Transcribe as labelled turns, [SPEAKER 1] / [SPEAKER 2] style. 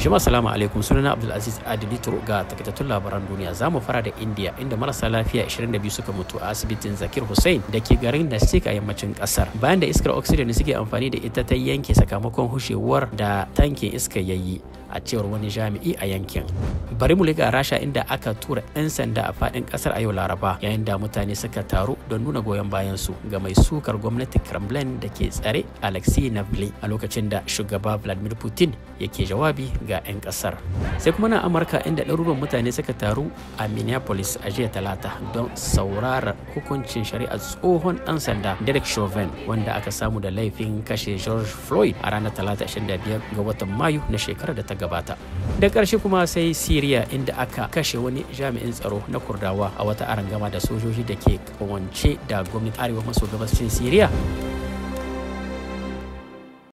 [SPEAKER 1] Jama'a salamu alaikum sunana Abdulaziz Adili ga takaitattun labaran duniya za mu fara da India inda marasa lafiya 22 suka mutu a asibitin Zakir hussain da ke garin Nasik a yammacin kasar bayan da iskar oxygen suke amfani da ita ta yanke sakamakon hushewar da tankin iska yayi. a cewar wani jami'i a yankin bari mu liga rasha inda aka tura 'yan sanda a fadin kasar a yau laraba yayin da mutane suka taru don nuna goyon bayan su ga mai sukar gwamnati kremlin da ke tsare alexei navalny a lokacin da shugaba vladimir putin yake jawabi ga 'yan kasar sai kuma na amurka inda ɗaruruwan mutane suka taru a minneapolis a jiya talata don saurarar hukuncin shari'a tsohon ɗan sanda derek chauvin wanda aka samu da laifin kashe george floyd a ranar talata 25 ga watan mayu na shekarar da ta gabata da ƙarshe kuma sai siriya inda aka kashe wani jami'in tsaro na kurdawa a wata arangama da sojoji da ke kawance da gwamnati arewa maso gabashin siriya